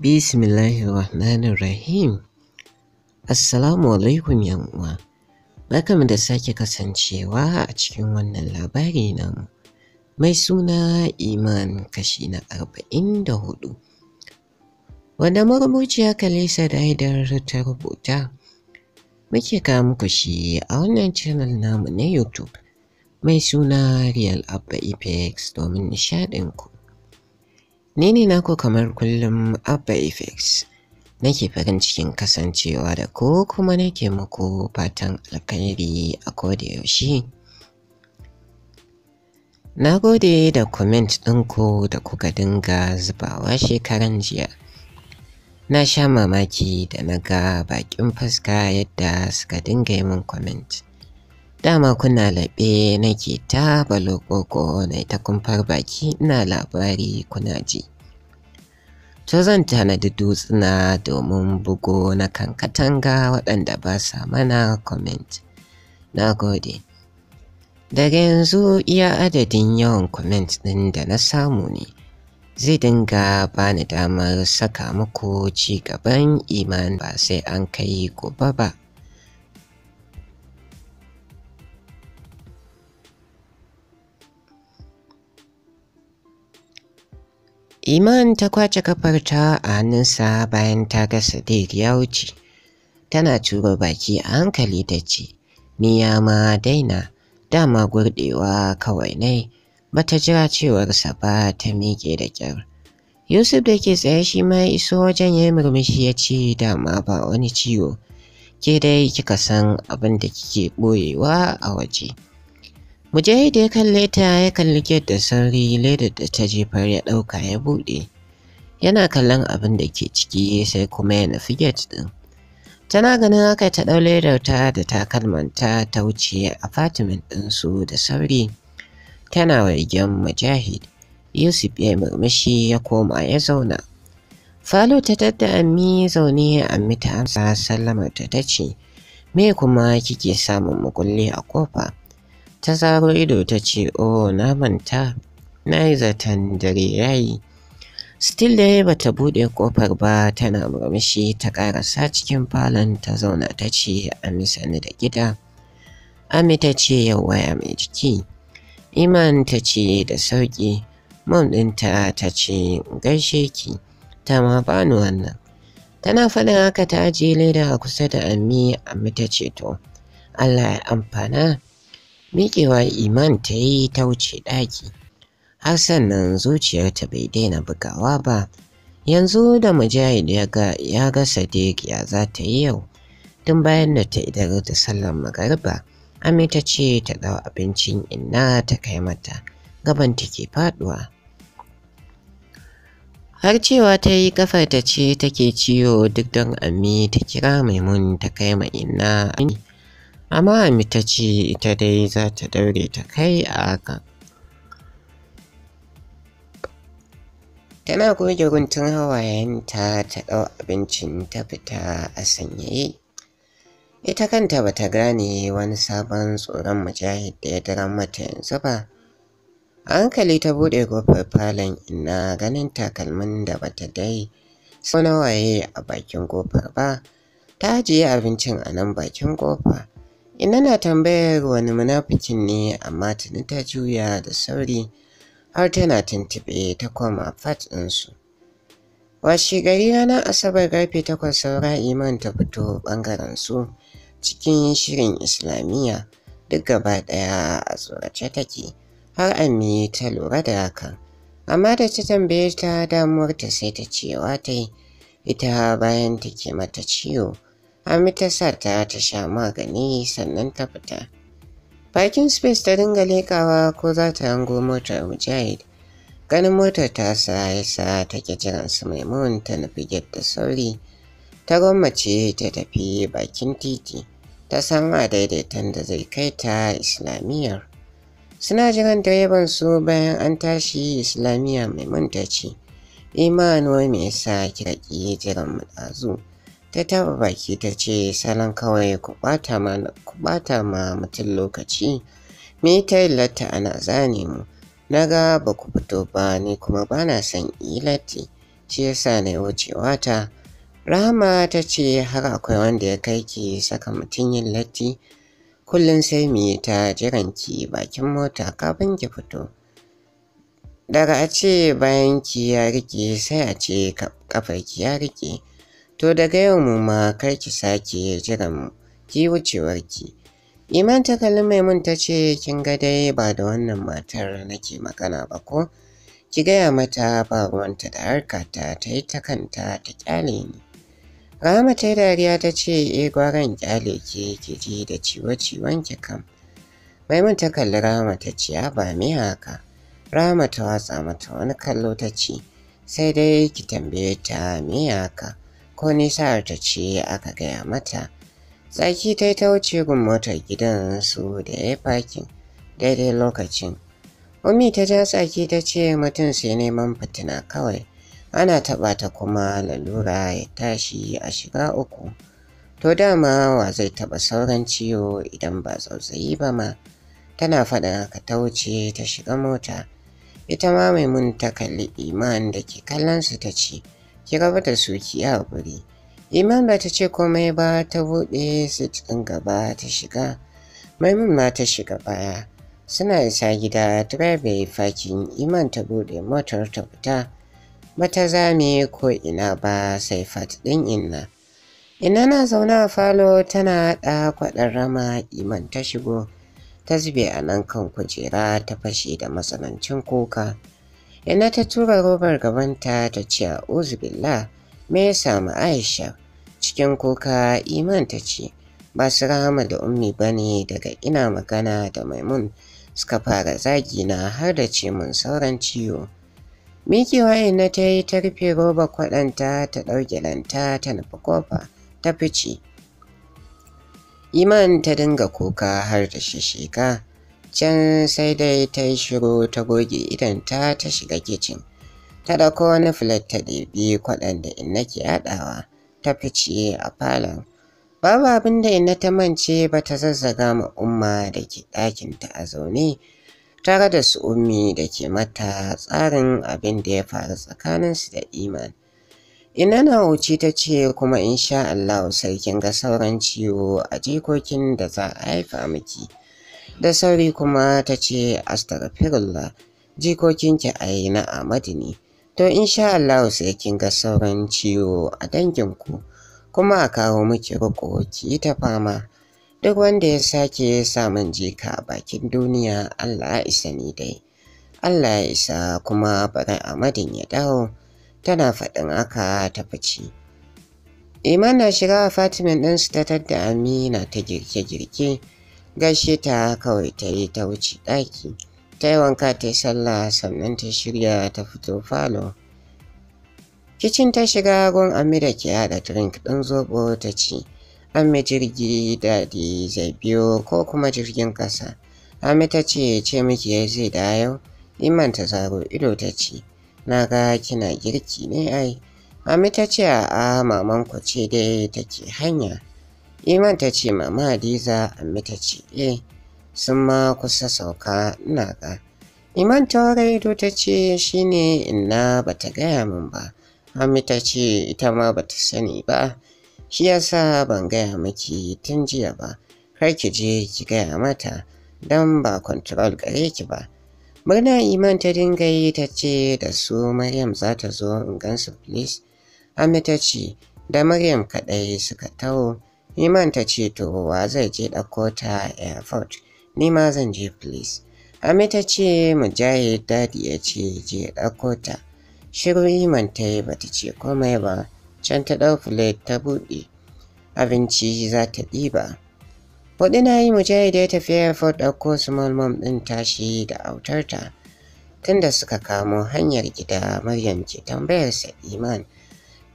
Bismillahirrahmanirrahim. Assalamu alaikum uwa. Barkamu da sake kasancewa a cikin wannan labari namu. Mai suna Iman kashi na arba'in da hudu. Wanda marubuciya Kalisa Daidar ta rubuta. Muke kawo muku shi a wannan channel namu na YouTube. Mai suna Real Abba Apex domin nishadinku. Ni ne nako kamar kullum Abba Efex. Nake farin cikin kasancewa da ko kuma nake muku fatan alkhairi a koda yaushe. Na gode da comment ɗinku da kuka dinga zubawa shekaran jiya. Na sha mamaki da na ga baƙin fuska yadda suka dinga yi min comment. Dama kuna laɓe nake ta balokoko na ta kumfar baki ina labari kuna ji. To zan tanadi dutsuna domin bugo na kan katanga waɗanda ba sa mana comment. Na gode. Daga yanzu iya adadin yawan comment ɗin da na samu ne. Zai dinga bani damar saka muku ci gaban iman ba sai an kai gobe ba. Iman ta kwace kafarta a hannunsa bayan ta gasa Sadiq ya wuce. Tana tura baki a hankali ta ce, Ni ya ma daina, dama gurɗewa kawai nai, ta jira cewarsa ba ta miƙe da ƙyar. Yusuf da ke tsaye shi ma ya iso wajen ya yi murmushi ya ce dama ba wani ciwo, ke dai kika san abin da kike ɓoyewa a waje. Mujahid ya kalle ta ya kalli gate da sauri ledar da ta jefar ya ɗauka ya buɗe. Yana kallon abin da ke ciki sai kuma ya nufi gate ɗin. Tana ganin haka ta ɗau ledar ta da takalmanta ta wuce apartment su da sauri. Tana waigen Mujahid. Yusuf ya murmushi ya koma ya zauna. Falo ta tadda ammi zaune ammi ta amsa sallamar ta ta ce, Me kuma kike samun mukulli a kofa? ta zaro ido ta ce 'O oh, na manta na yi zaton dare ya yi. still dai bata buɗe ƙofar ba tana murmushi ta ƙarasa cikin falon ta zauna ta ce ami sani da gida ami ta ce yau waya mai jiki iman ta ce da sauƙi mom ɗinta ta ce gaishe ki ta ma bani wannan tana faɗin haka ta ajiye leda kusa da ami ami ta ce to allah ya amfana Miƙewa Iman ta yi ta wuce ɗaki. Har sannan zuciyarta bai daina bugawa ba. Yanzu da Mujahid ya ga ya ga Sadiq ya za ta yi yau. Tun bayan da ta idar da sallar magariba, Ami ta ce ta ɗau abincin inna ta kai mata. Gaban ta ke faɗuwa. har cewa ta yi kafar ta ce take ciwo duk don ami ta kira maimun ta kai ma ina amma mi ta ce ita dai za ta daure ta kai a haka. Tana goge guntun hawayenta ta ɗau abincin ta fita a sanyaye. Ita kanta ba ta gane wani sabon tsoron mujahid da ya dara mata yanzu ba. A hankali ta buɗe kofar falon ina ganin takalmin da ba ta dai sau nawaye a bakin kofar ba, ta ajiye abincin a nan bakin kofa. Ina na tambayar wani munafikin ne amma tuni ta juya da sauri har tana tuntuɓe ta koma fat ɗinsu. Washe gari ranar Asabar karfe takwas saura Iman ta fito ɓangaren su cikin shirin Islamiyya duk gaba ɗaya a tsorace take har Ammi ta lura da haka Amma da ta tambaye ta ta sai ta cewa wa ta yi ita bayan take mata ciwo. Ami ta sa ta ta sha magani sannan ta fita. Bakin space ta dinga lekawa ko za ta hango motar Mujahid. Ganin motar ta sa ya sa ta ke jiran su maimun ta nufi get da sauri. Ta gwammace ta tafi bakin titi. Ta san a daidaitan da zai kai ta Islamiyyar. Suna jiran direban su bayan an tashi Islamiyya maimun ta ce, Imanuwa me yasa kira jiran mu ɗazu. ta taba baki ta ce salon kawai ku bata ma mutum lokaci me ta illata ana zane mu na ga ba ku fito ba ni kuma bana na son latti. shi yasa na wucewa ta rahama ta ce har akwai wanda ya kai ki saka mutum yin latti kullum sai mu yi ta jiran ki bakin mota kafin ki fito daga a ce bayan ki ya rike sai a ce kafa ki ya rike To daga yau mu ma kar ki sake jiran mu, ki wucewar ki. Iman ta kalli Maimun ta ce kin ga dai ba da wannan matar nake magana ba ko? Ki gaya mata ba ruwanta da harkata ta yi ta kanta ta kyale ni. Rahama ta dariya ta ce e gwaran kyale ke ki ji da ciwo-ciwon ki kam. Maimun ta kalli Rahama ta ce a ba me haka. Rahama ta watsa mata wani kallo ta ce sai dai ki tambaye ta me haka. ko nisa'ar ta ce aka gaya mata. Tsaki ta yi ta wuce gun motar gidan su da ya fakin daidai lokacin. Umi ta ja tsaki ta ce mutum sai neman fitina kawai, ana taɓa ta kuma lalura ya tashi a shiga uku. To dama wa zai taɓa sauran ciwo idan ba tsautsayi ba ma. Tana faɗin ka ta wuce ta shiga mota. Ita ma mun ta kalli iman da ke kallon su ta ce, ki raba da su ki haƙuri iman ba ta ce komai ba ta buɗe su cikin gaba ta shiga maimun ma ta shiga baya suna isa gida direba ya fakin iman ta buɗe motar ta fita bata zame ko ina ba sai fat ɗin inna Ina na zauna a falo tana haɗa kwaɗar rama iman ta shigo, ta zube a nan kan kujera ta fashe da matsanancin kuka. Ina ta tura robar gabanta ta ce a uzubillah me ya samu Aisha cikin kuka iman ta ce ba su rahama da ummi ba ne daga ina magana da maimun suka fara zagi na har da ce mun sauran ciwo. Mikiwa ina ta yi ta rufe roba kwaɗanta ta ɗauke lanta ta nufi kofa ta fice. Iman ta dinga kuka har da shishika. can sai dai ta yi shiru ta goge idanta ta ta shiga kicin ta dauko wani filet ta ɗebi kwaɗan da inna ke haɗawa ta fice a falon babu abin da inna ta mance ba ta zazzaga ma umma da ke ɗakinta a zaune tare da su ummi da ke mata tsarin abin da ya faru tsakaninsu da iman Ina na wuce ta ce kuma insha Allah sarkin ga sauran ciwo a jikokin da za a haifa miki. da sauri kuma ta ce astagfirullah jikokinki a yi na amadi ne to insha Allah sai kin ga sauran ciwo a danginku kuma a kawo miki riko ki ta fama duk wanda ya sake samun jika a bakin duniya Allah ya isa ni dai Allah ya isa kuma bari amadin ya dawo tana faɗin haka ta fice Iman na shiga Fatimin ɗinsu ta tadda Amina ta girke-girke gaishe ta kawai ta yi ta wuce ɗaki ta yi wanka ta yi sallah sannan ta shirya ta fito falo kicin ta shiga gon amira ke haɗa drink ɗin zobo ta ci An mai jirgi daɗi zai biyo ko kuma jirgin ƙasa amma ta ce ce miki ya zai da yau iman ta zaro ido ta ce na ga kina girki ne ai amma ta ce a mamanku ce dai take hanya Iman ta ce mama Hadiza a ta ce eh sun ma kusa sauka ina ga. Iman ta ido ta ce shi ne ina ba ta gaya min ba. Hammi ta ce ita ma bata sani ba. Shi yasa ban gaya maki tun jiya ba. Kar ki je ki gaya mata don ba control gare ki ba. Murna Iman ta dinga yi ta ce da su Maryam za ta zo in gan su please. Hammi ta ce da Maryam kaɗai suka taho. Iman ta ce to wa zai je ɗauko ta airport, eh, ni ma zan je police. Ami ta ce Mujahid dadi ya ce je ɗauko ta. Shiru Iman ta yi bata ce komai ba, can ta ɗau plate ta buɗe. Abinci za ta ɗiba. Kuɗi na yi Mujahid ya tafi airport ɗauko small mom ɗin tashi da autarta. Tunda suka kamo hanyar gida Maryam ke tambayar sa Iman.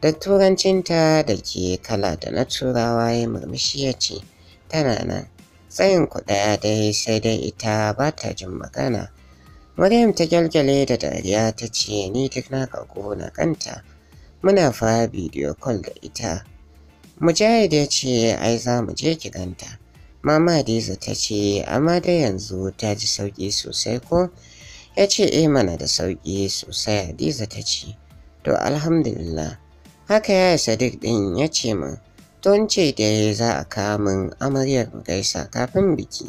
da turancinta da ke kala da na turawa ya murmushi ya ce tana nan tsayin ku ɗaya dai sai dai ita ba ta jin magana maryam ta gyalgyale da dariya ta ce ni duk na karko na kanta muna fara bidiyo call da ita mujahid ya ce ai za mu je ki ganta mama Hadiza ta ce amma dai yanzu ta ji sauƙi sosai ko ya ce eh mana da sauƙi sosai Hadiza ta ce to alhamdulillah haka ya sadiq ɗin ya ce min tun ce da za a kawo min amaryar gaisa kafin biki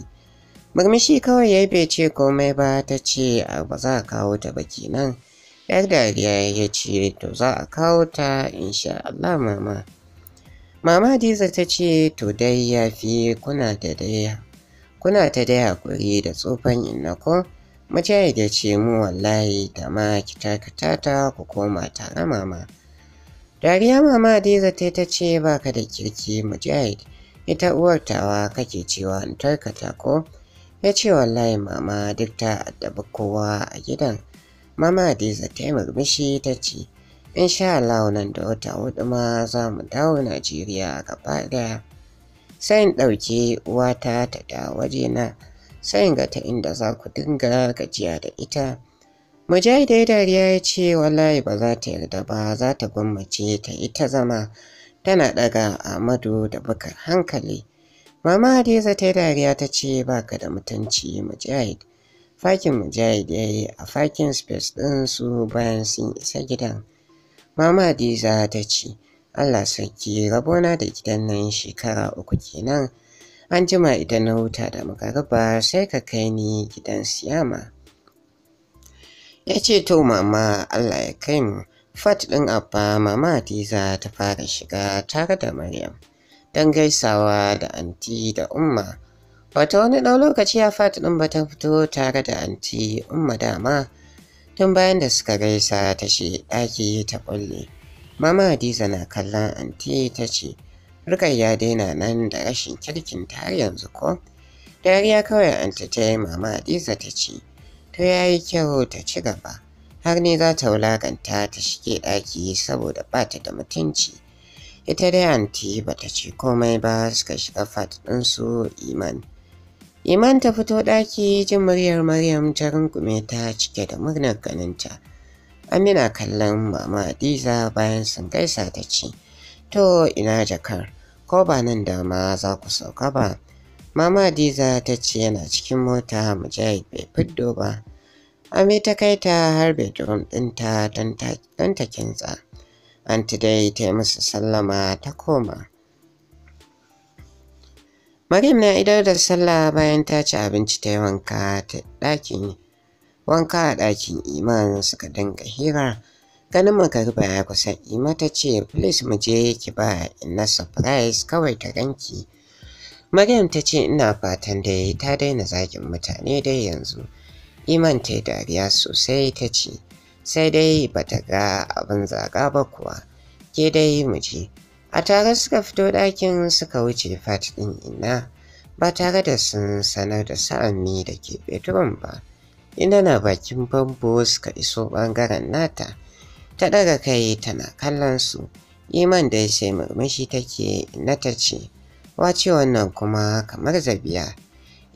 murmushi kawai ya bai ce komai ba ta ce ba za a kawo ta ba kenan yar dariya ya ce to za a kawo ta insha Allah mama mama diza ta ce to dai ya fi kuna da daya kuna ta dai hakuri da tsofan ko mujahid ya ce mu wallahi da ma ki takata ta ku koma tare mama Dariya mama Hadiza ta ta ce ba ka da kirki Mujahid, ita uwar tawa kake cewa in tarkata ko? Ya ce wallahi mama duk ta addabi kowa a gidan. Mama Hadiza ta yi murmushi ta ce, sha Allah nan da wata hudu ma za mu dawo Najeriya gaba daya. Sai in ɗauki uwata ta da wajena, sai in ga ta inda za ku dinga gajiya da ita. Mujahid ya dariya ya ce wallahi ba za ta yarda ba za ta gwammace ta ita zama tana daga Ahmadu da bakar hankali. Mama Hadiza ta dariya ta ce baka da mutunci Mujahid. Fakin Mujahid ya yi a fakin space ɗin su bayan sun isa gidan. Mama Hadiza ta ce Allah sarki rabona da gidan nan shekara uku kenan. An jima idan na huta da makaraba sai ka kai ni gidan siyama. ya ce to mama Allah ya kai mu fat ɗin abba mama Hadiza ta fara shiga tare da Maryam don gaisawa da anti da umma wata wani ɗan lokaci ya fat ɗin ba ta fito tare da anti umma dama tun bayan da suka gaisa ta ce ɗaki ta ƙulle mama Hadiza na kallon anti ta ce ya daina nan da rashin kirkin ta har yanzu ko? Dariya kawai anta ta yi mama Hadiza ta ce, to ya yi kyau ta ci gaba har ne za ta wulaganta ta shige ɗaki saboda ba ta da mutunci ita dai anti ba ta ce komai ba suka shiga fat ɗinsu iman iman ta fito ɗaki jin muryar maryam ta rungume ta cike da murnar ganinta amina kallon mama adiza bayan sun gaisa ta ce to ina jakar ko ba nan da ma za ku sauka ba mama adiza ta ce yana cikin mota mujahid bai fiddo ba Ami ta kai ta har bedroom ɗinta don ta kintsa. Anti dai ta yi musu sallama ta koma. Maryam na idar da sallah bayan ta ci abinci ta yi wanka ta ɗakin wanka a ɗakin iman suka dinga hira. Ganin magariba ya kusa ima ta ce please mu je ki ba na surprise kawai ta ganki. Maryam ta ce ina fatan dai ta daina zagin mutane dai yanzu. Iman ta yi dariya sosai ta ce, sai dai ba ta ga abin zaga ba kuwa, ke dai mu je. A tare suka fito ɗakin suka wuce fat ɗin ina, ba tare da sun sanar da sa'anni da ke bedroom ba. Ina na bakin bambo suka iso ɓangaren nata, ta ɗaga kai tana kallon su. Iman dai sai murmushi take ina ta ce, wace wannan kuma kamar zabiya.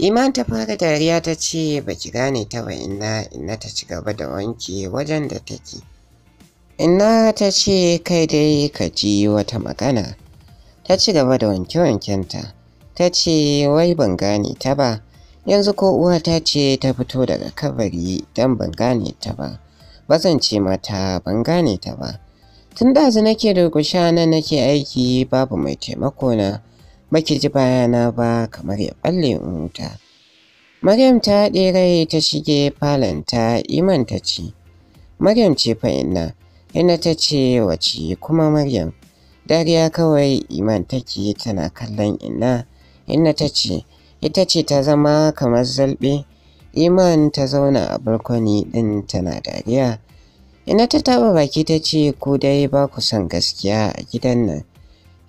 Iman ta fara dariya ta ce ba ki gane ta ba ina, ina ta ci gaba da wanke wajen da take. Inna ta ce kai dai ka ji wata magana. Ta ci gaba da wanke-wankenta. Ta ce wai ban gane ta ba. Yanzu ko uwa ta ce ta fito daga kabari dan ban gane ta ba. Ba ce mata ban gane ta ba. Tun da nake durkusha nan nake aiki babu mai taimako na. baki ji bayana ba kamar ya balle wuta. Maryam ta haɗe rai ta shige falanta iman ta ce, Maryam ce fa ina, inna ta ce wace kuma Maryam. Dariya kawai iman take tana kallon ina, ina ta ce, ita ce ta zama kamar zalɓe, iman ta zauna a balkoni ɗin tana dariya. ina ta taɓa baki ta ce, ku dai ba ku son gaskiya a gidan nan.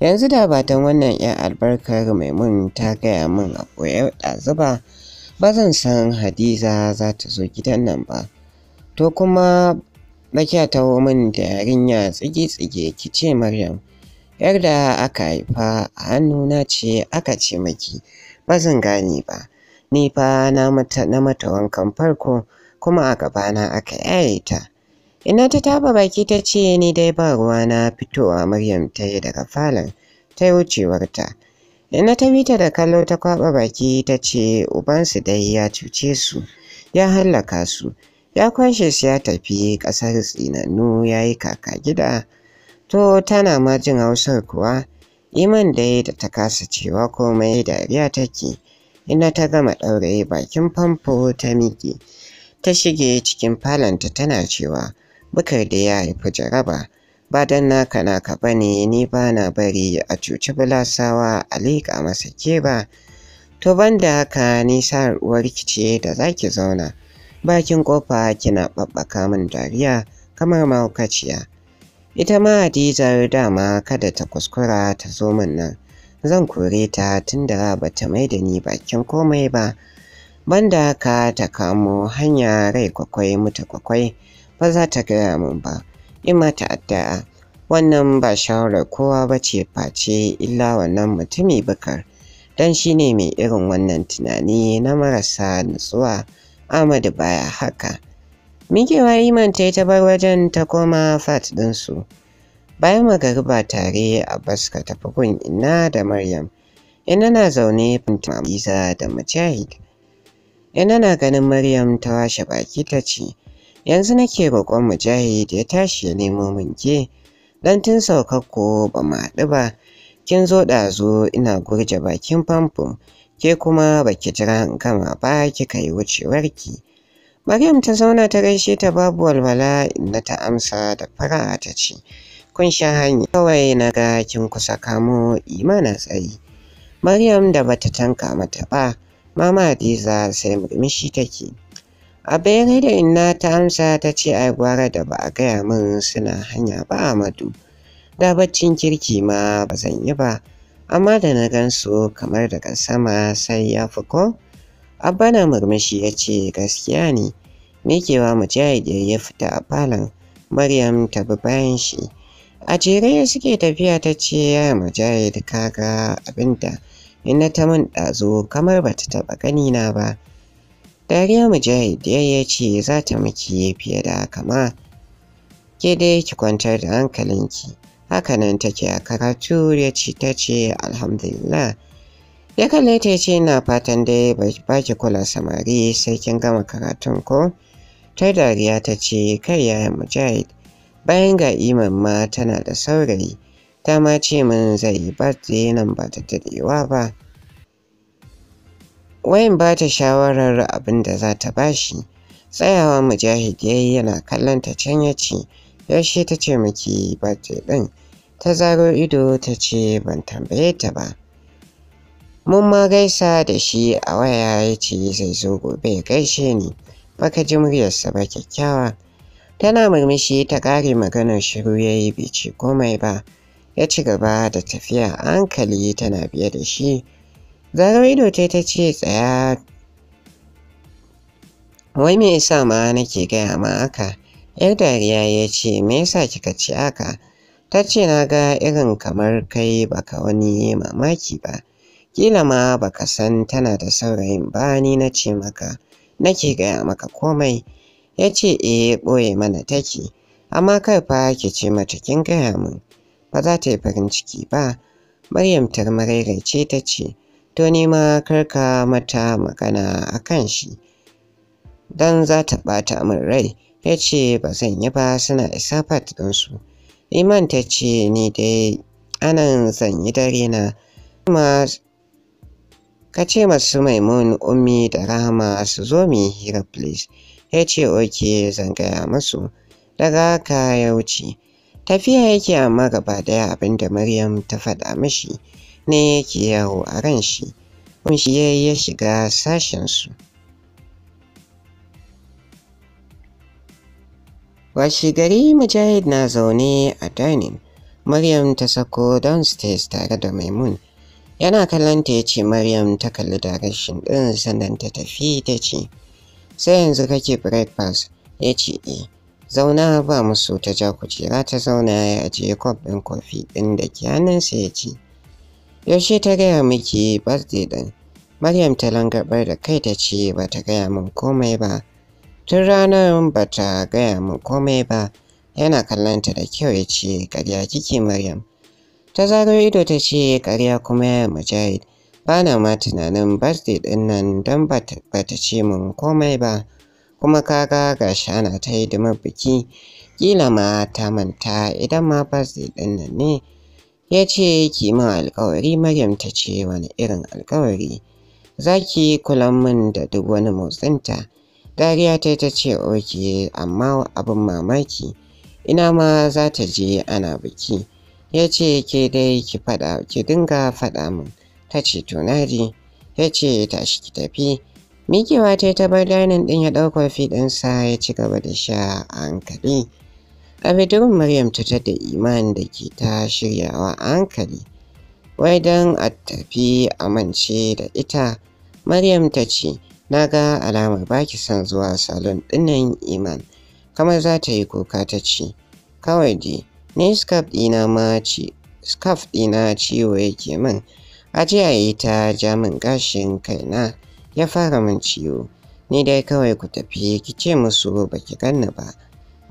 yanzu da batan wannan 'yan albarkar maimun ta gaya min a koyar ɗazuba ba zan san hadiza za ta zo gidan nan ba to kuma Nakiya ta min da yarinya tsige-tsige ki ce Maryam, ‘yar da aka haifa a hannuna ce aka ce maki, ba zan gane ba, ni fa na mata wankan farko kuma a gabana aka yaye ta, Ina ta taba baki ta ce ni dai ba ruwa na fitowa Maryam ta yi daga falon ta yi wucewarta. Ina ta bita da kallo ta kwaba baki ta ce ubansu dai ya cuce su ya hallaka su ya kwashe su ya tafi ƙasar tsinannu ya yi kaka gida. To tana ma jin hausar kuwa iman dai da ta kasa cewa komai dariya take. Ina ta gama ɗaure bakin famfo ta miƙe. ta shige cikin falonta tana cewa bukar da ya haifi jaraba ba dan naka naka ne, ni bana bari a cuci bulasawa a liƙa masa ke ba to ban da haka ni sa'ar ce da zaki zauna bakin ƙofa kina babbaka min dariya kamar mahaukaciya ita ma Hadiza dama kada ta kuskura ta zo min nan zan kore ta tunda ba ta mai da ni bakin komai ba banda haka ta kamo hanya rai kwakwai mutu kwakwai ba za ta gaya min ba yi mata addu'a wannan ba shawarar kowa ba ce face illa wannan mutumi bakar don shi ne mai irin wannan tunani na marasa nutsuwa Amadu baya haka Mikewa Iman ta ta bar wajen ta koma fat su. Bayan magariba tare a ka tafi gun ina da Maryam. Ina na zaune Fatima Isa da Mujahid. Ina na ganin Maryam ta washe baki ta ce, yanzu nake roƙon mujahid ya tashi ya nemo min ke dan tun saukakko ba mu haɗu ba kin zo ɗazu ina gurje bakin famfo ke kuma baki jira in kama ba kika yi wucewarki Maryam ta zauna ta gaishe ta babu walwala inda ta amsa da fara'a ta ce kun sha hanya kawai na ga kin kusa kamo imana tsayi Maryam da bata tanka mata ba mama Hadiza sai murmushi take Abere da inna ta amsa ta ce ai gwara da ba a gaya min suna hanya ba Amadu. Da baccin kirki ma ba zan yi ba, amma da na gan su kamar daga sama sai ya fi ko? na murmushi ya ce gaskiya ne, mikewa mujahid ya fita a falon, Maryam ta bi bayan shi. A jere suke tafiya ta ce ya mujahid kaga abinda, inna ta min ɗazo kamar ta taɓa ganina ba. Dariya Mujahid ya ce za ta miki fiye da haka ma. Ke dai ki kwantar da hankalinki. Hakanan take a karatu ya ce ta ce alhamdulillah. Ya kalle ta ce na fatan dai ba ki kula samari sai kin gama karatun ko? Ta dariya ta ce kai yaya Mujahid. Bayan ga iman ma tana da saurayi. Ta ma ce min zai yi birthday nan ba ta daɗewa ba. wayin ba ta shawarar abin da za ta ba shi, tsayawa mujahid ya yi yana kallon ta can ya ce yaushe ta ce miki ba ɗin ta zaro ido ta ce ban tambaye ta ba mun ma gaisa da shi a waya ya ce zai zo gobe ya gaishe ni baka ji muryarsa ba kyakkyawa tana murmushi ta ƙare maganar shiru ya yi bai ce komai ba ya ci gaba da tafiya hankali tana biye da shi zarar ido ta ta ce tsaya wai me yasa ma nake gaya ma aka? yar dariya ya ce me yasa kika ci aka? ta ce na ga irin kamar kai baka wani mamaki ba kila ma baka san tana da saurayin ba ni na ce maka nake gaya maka komai ya ce e, ɓoye mana take amma kai fa ki ce mata kin gaya min ba za ta yi farin ciki ba maryam tarmarairai ce ta ce to nima karka mata magana a kan shi don za ta ɓata min rai ya ce ba zan yi ba suna isa fat ɗinsu iman ta ce ni dai anan zan yi dare na ka ce masu maimun ummi da rahama su zo mu hira please ya ce oke zan gaya masu daga ka ya wuce tafiya yake amma gaba daya abinda maryam ta faɗa mashi ne yake yawo a ran shi shi ya ya shiga sashensu washi gari mujahid na zaune a dining maryam ta sako downstairs tare da maimun yana kallon ta ya ce maryam ta kalli direction ɗin sannan ta tafi ta ce sai yanzu kake breakfast ya ce e zauna ba musu ta ja kujera ta zauna ya ajiye kwaf ɗin kofi ɗin da kyanansa ya ce Yaushe ta gaya miki birthday ɗin? Maryam ta langabar da kai ta ce ba ta gaya min komai ba. Tun ranar ba ta gaya min komai ba, yana kallonta da kyau ya ce, ƙarya kike Maryam. Ta zagar ido ta ce, ƙarya kuma ya mujahid. Ba na ma tunanin birthday din nan don ba ta ce min komai ba. Kuma kaga ga shana ta hidimar biki, kila ma ta manta idan ma birthday din nan ne. ya ce ki ma alkawari Maryam ta ce wani irin alkawari za ki kula min da duk wani motsinta dariya ta ta ce oke amma abin mamaki ina ma za ta je ana biki ya ce ke dai ki fada ki dinga fada min ta ce tunari ya ce tashi ki tafi mikewa ta ta bar dainin din ya ɗaukar fiɗinsa ya ci gaba da sha a hankali A Maryam ta tada iman da ke ta shiryawa a hankali. Wai don a tafi amince da ita, Maryam ta ce, Na ga alamar baki son zuwa salon ɗinnan iman. Kamar za ta yi kuka ta ce, Kawai dai, ni scarf ɗina ma scarf ɗina ciwo yake min. Ajiya yi ta ja min gashin kaina ya fara min ciwo. Ni dai kawai ku tafi ki ce musu baki ganna ba.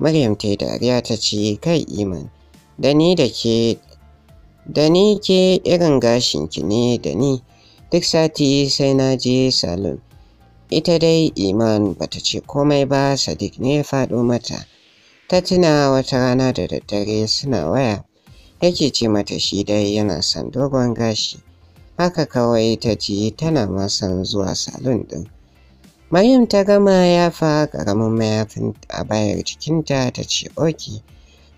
Maryam ta yi dariya ta ce kai iman da ni da ke da ni ke irin gashinki ne da ni duk sati sai na je salon ita dai iman bata ce komai ba sadiq ne ya faɗo mata ta tuna wata rana da daddare suna waya yake ce mata shi dai yana son dogon gashi haka kawai ta ji tana ma son zuwa salon ɗin Maryam ta gama yafa ƙaramin mayafin a bayar jikinta ta ce oke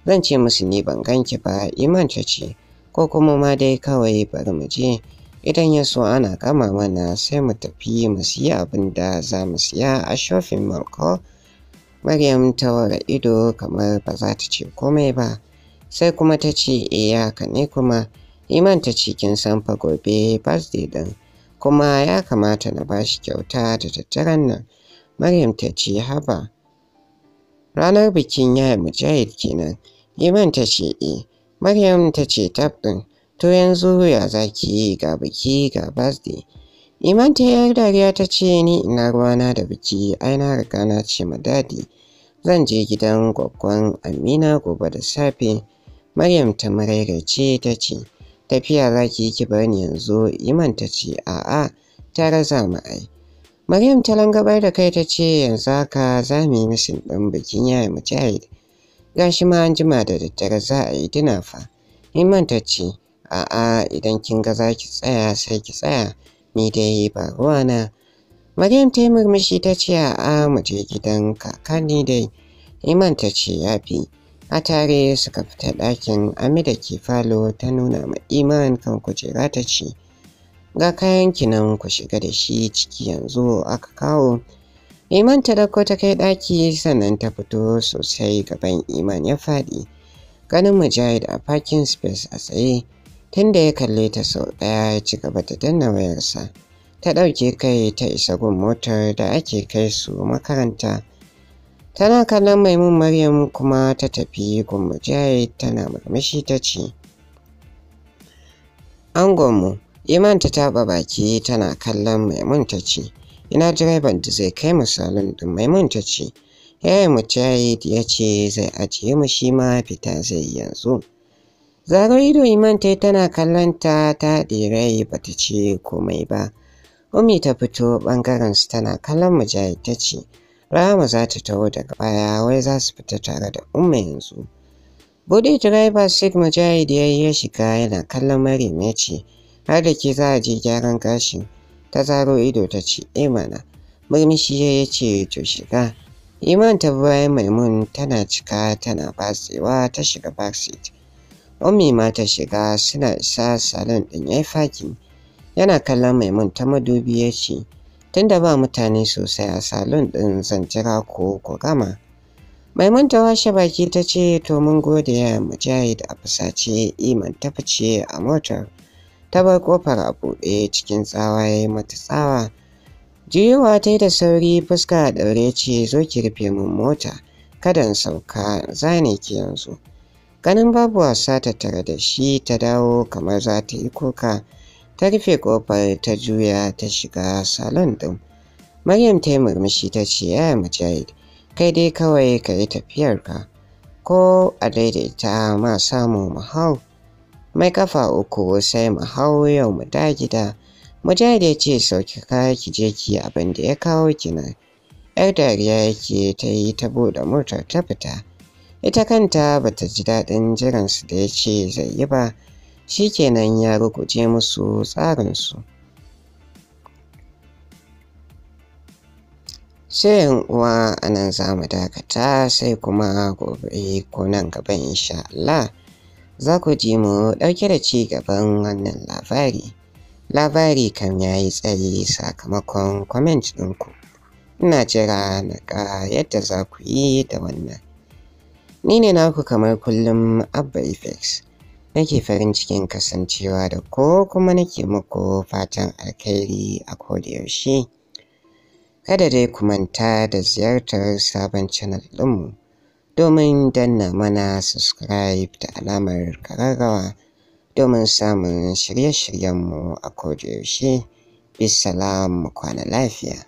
zan ce musu ni ban ganki ba iman ta ce ko kuma ma dai kawai bari mu je idan ya so ana gama mana sai mu tafi mu siya abin da za mu siya a shofin marko maryam ta wara ido kamar ba za ta ce komai ba sai kuma ta ce e eh, ya ne kuma iman ta ce kin san fa gobe birthday din kuma ya kamata na ba shi kyauta da tattaran nan Maryam ta ce haba ranar bikin yaya mujahid kenan Iman ta ce e Maryam ta ce tabbin to yanzu ya zaki yi ga biki ga birthday Iman ta yar dariya ta ce ni ina ruwa na da biki ai na riga na ce ma dadi zan je gidan gwaggon Amina gobe da safe Maryam ta ce ta ce tafiya za ki yi ki bar ni yanzu iman ta ce a'a ta raza mu ai maryam ta langabar da kai ta ce yanzu haka za mu yi mishin ɗin bikin yaya mujahid gashi ma an jima da daddare za a yi dina fa iman ta ce a'a idan kin ga za ki tsaya sai ki tsaya ni dai ba ruwa na. maryam ta yi murmushi ta ce a'a mu je gidan kakanni dai iman ta ce ya fi a tare suka fita ɗakin amida ke falo ta nuna ma iman kan kujera ta ce ga kayan kinan ku shiga da shi ciki yanzu aka kawo iman ta dauko ta kai ɗaki sannan ta fito sosai gaban iman ya faɗi ganin mujahid a parking space a tsaye tunda ya kalle ta sau ɗaya ya ci gaba ta danna wayarsa ta ɗauke kai ta isa gun motar da ake kai su makaranta Tana kallon Maimun Maryam kuma ta tafi gun Mujahid tana murmushi ta ce, Angonmu, Iman ta taɓa baki tana kallon Maimun ta ce, Ina direban da zai kai mu salon ɗin Maimun ta ce, Yaya eh, Mujahid ya ce zai ajiye mu shi ma fita zai yanzu. Zarar ido Iman ta tana kallon ta ta ɗirai ba ta ce komai ba. Umi ta fito ɓangaren tana kallon Mujahid ta ce, Rahama za ta taho daga baya wai za su fita tare da umma yanzu. Bude direba Sid Mujahid ya yi ya shiga yana kallon Maryam ya ce, har da ke za a je gyaran gashin? Ta zaro ido ta ce, e mana, murmushi ya ce to shiga. Iman ta bayan Maimun tana cika tana batsewa ta shiga backseat. Ummi ma ta shiga suna isa salon ɗin ya yi fakin. Yana kallon Maimun ta madubi ya ce, tunda ba mutane sosai a salon ɗin zan jira ko ku gama. Maimun ta washe baki ta ce to mun gode ya mujahid a fusace iman ta fice a motar ta bar kofar a buɗe cikin tsawa ya mata tsawa. juyowa ta yi da sauri fuska a ɗaure ce zo ki rufe mun mota kada in sauka zane ki yanzu. Ganin babu wasa ta tare da shi ta dawo kamar za ta yi kuka. ta rufe kofar ta juya ta shiga salon ɗin. Maryam ta yi murmushi ta ce ya mujahid kai dai kawai ka yi tafiyar ka ko a daidaita ma samu muhau? mai kafa uku sai mu yau mu da gida mujahid ya ce sauki ka ki je ki abin da ya kawo ki na. yar dariya yake ta yi ta buɗe motar ta fita ita kanta bata ji daɗin jiransu da ya ce zai yi ba shi kenan ya ruguje musu tsarinsu sai uwa a nan za mu dakata sai kuma gobe ko nan gaban insha Allah za ku ji mu ɗauke da ci gaban wannan labari labari kan ya yi tsaye sakamakon comment ɗinku ina jira na ga yadda za ku yi da wannan ni ne naku kamar kullum abba effects nake farin cikin kasancewa da ko kuma nake muku fatan alkhairi a yaushe. Kada dai ku manta da ziyartar sabon channel ɗinmu domin danna mana subscribe da alamar kararrawa domin samun shirye-shiryenmu a yaushe. Bisalam kwana lafiya.